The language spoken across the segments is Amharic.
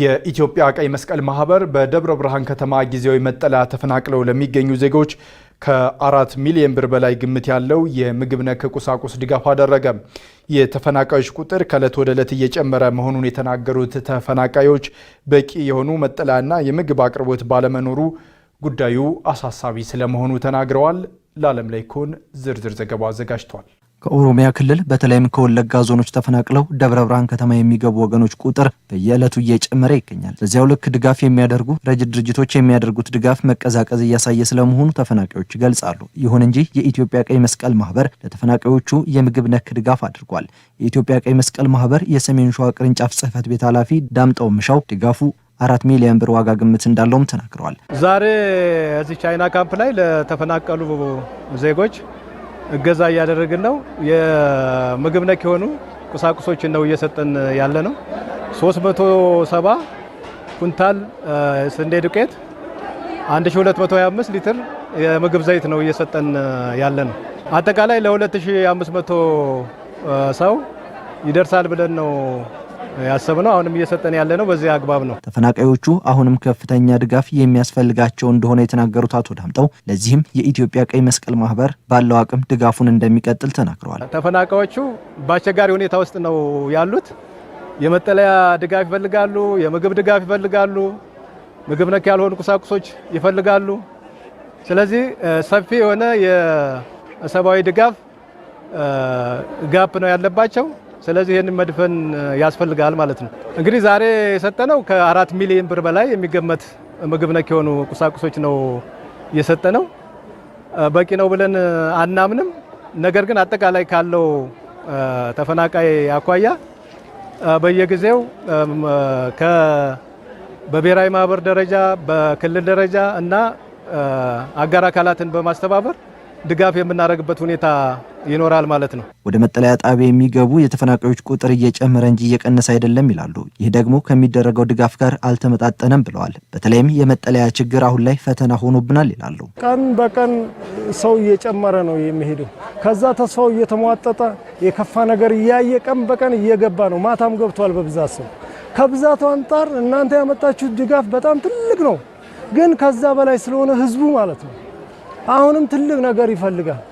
የኢትዮጵያ ቀይ መስቀል ማህበር በደብረ ብርሃን ከተማ ጊዜያዊ መጠለያ ተፈናቅለው ለሚገኙ ዜጎች ከአራት ሚሊዮን ብር በላይ ግምት ያለው የምግብ ነክ ቁሳቁስ ድጋፍ አደረገ። የተፈናቃዮች ቁጥር ከዕለት ወደ ዕለት እየጨመረ መሆኑን የተናገሩት ተፈናቃዮች በቂ የሆኑ መጠለያና የምግብ አቅርቦት ባለመኖሩ ጉዳዩ አሳሳቢ ስለመሆኑ ተናግረዋል። ለዓለም ላይ ኮን ዝርዝር ዘገባ አዘጋጅቷል። ከኦሮሚያ ክልል በተለይም ከወለጋ ዞኖች ተፈናቅለው ደብረ ብርሃን ከተማ የሚገቡ ወገኖች ቁጥር በየዕለቱ እየጨመረ ይገኛል። በዚያው ልክ ድጋፍ የሚያደርጉ ረጅ ድርጅቶች የሚያደርጉት ድጋፍ መቀዛቀዝ እያሳየ ስለመሆኑ ተፈናቃዮች ይገልጻሉ። ይሁን እንጂ የኢትዮጵያ ቀይ መስቀል ማህበር ለተፈናቃዮቹ የምግብ ነክ ድጋፍ አድርጓል። የኢትዮጵያ ቀይ መስቀል ማህበር የሰሜን ሸዋ ቅርንጫፍ ጽህፈት ቤት ኃላፊ ዳምጠው ምሻው ድጋፉ አራት ሚሊዮን ብር ዋጋ ግምት እንዳለውም ተናግረዋል። ዛሬ እዚህ ቻይና ካምፕ ላይ ለተፈናቀሉ ዜጎች እገዛ እያደረግን ነው። የምግብ ነክ የሆኑ ቁሳቁሶችን ነው እየሰጠን ያለ ነው። 370 ኩንታል ስንዴ ዱቄት፣ 1225 ሊትር የምግብ ዘይት ነው እየሰጠን ያለ ነው። አጠቃላይ ለ2500 ሰው ይደርሳል ብለን ነው ያሰብነው አሁንም እየሰጠን ያለነው በዚህ አግባብ ነው። ተፈናቃዮቹ አሁንም ከፍተኛ ድጋፍ የሚያስፈልጋቸው እንደሆነ የተናገሩት አቶ ዳምጠው ለዚህም የኢትዮጵያ ቀይ መስቀል ማህበር ባለው አቅም ድጋፉን እንደሚቀጥል ተናግረዋል። ተፈናቃዮቹ በአስቸጋሪ ሁኔታ ውስጥ ነው ያሉት። የመጠለያ ድጋፍ ይፈልጋሉ፣ የምግብ ድጋፍ ይፈልጋሉ፣ ምግብ ነክ ያልሆኑ ቁሳቁሶች ይፈልጋሉ። ስለዚህ ሰፊ የሆነ የሰብአዊ ድጋፍ ጋፕ ነው ያለባቸው። ስለዚህ ይህንን መድፈን ያስፈልጋል ማለት ነው። እንግዲህ ዛሬ የሰጠነው ከአራት ሚሊዮን ብር በላይ የሚገመት ምግብ ነክ የሆኑ ቁሳቁሶች ነው የሰጠነው። በቂ ነው ብለን አናምንም። ነገር ግን አጠቃላይ ካለው ተፈናቃይ አኳያ በየጊዜው በብሔራዊ ማህበር ደረጃ በክልል ደረጃ እና አጋር አካላትን በማስተባበር ድጋፍ የምናደርግበት ሁኔታ ይኖራል ማለት ነው። ወደ መጠለያ ጣቢያ የሚገቡ የተፈናቃዮች ቁጥር እየጨመረ እንጂ እየቀነሰ አይደለም ይላሉ። ይህ ደግሞ ከሚደረገው ድጋፍ ጋር አልተመጣጠነም ብለዋል። በተለይም የመጠለያ ችግር አሁን ላይ ፈተና ሆኖብናል ይላሉ። ቀን በቀን ሰው እየጨመረ ነው የሚሄደው። ከዛ ተስፋው እየተሟጠጠ የከፋ ነገር እያየ ቀን በቀን እየገባ ነው። ማታም ገብቷል በብዛት ሰው። ከብዛቱ አንጻር እናንተ ያመጣችሁት ድጋፍ በጣም ትልቅ ነው፣ ግን ከዛ በላይ ስለሆነ ህዝቡ ማለት ነው አሁንም ትልቅ ነገር ይፈልጋል።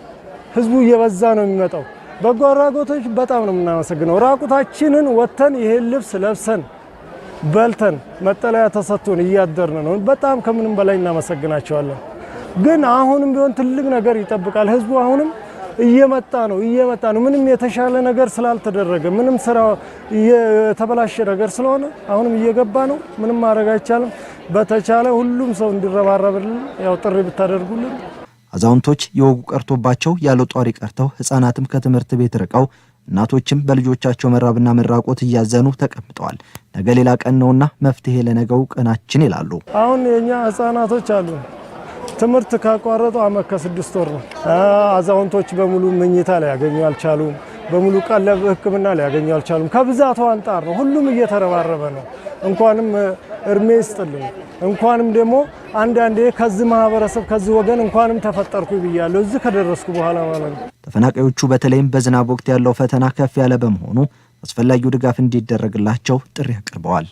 ህዝቡ እየበዛ ነው የሚመጣው። በጎ አድራጎቶች በጣም ነው የምናመሰግነው። ራቁታችንን ወጥተን ይሄን ልብስ ለብሰን በልተን መጠለያ ተሰጥቶን እያደርን ነው። በጣም ከምንም በላይ እናመሰግናቸዋለን። ግን አሁንም ቢሆን ትልቅ ነገር ይጠብቃል። ህዝቡ አሁንም እየመጣ ነው እየመጣ ነው። ምንም የተሻለ ነገር ስላልተደረገ ምንም ስራ የተበላሸ ነገር ስለሆነ አሁንም እየገባ ነው። ምንም ማድረግ አይቻልም። በተቻለ ሁሉም ሰው እንዲረባረብልን ያው ጥሪ ብታደርጉልን አዛውንቶች የወጉ ቀርቶባቸው ያለው ጧሪ ቀርተው ህጻናትም ከትምህርት ቤት ርቀው እናቶችም በልጆቻቸው መራብና መራቆት እያዘኑ ተቀምጠዋል። ነገ ሌላ ቀን ነውና መፍትሄ ለነገው ቀናችን ይላሉ። አሁን የኛ ህጻናቶች አሉ ትምህርት ካቋረጡ አመት ከስድስት ወር ነው። አዛውንቶች በሙሉ ምኝታ ላይ ያገኙ አልቻሉም። በሙሉ ቀለብ ሕክምና ሊያገኙ አልቻሉም። ከብዛቱ አንጣር ነው። ሁሉም እየተረባረበ ነው። እንኳንም እድሜ ይስጥልኝ፣ እንኳንም ደግሞ አንዳንዴ ከዚህ ማህበረሰብ ከዚህ ወገን እንኳንም ተፈጠርኩ ብያለሁ እዚህ ከደረስኩ በኋላ ማለት ነው። ተፈናቃዮቹ በተለይም በዝናብ ወቅት ያለው ፈተና ከፍ ያለ በመሆኑ አስፈላጊው ድጋፍ እንዲደረግላቸው ጥሪ አቅርበዋል።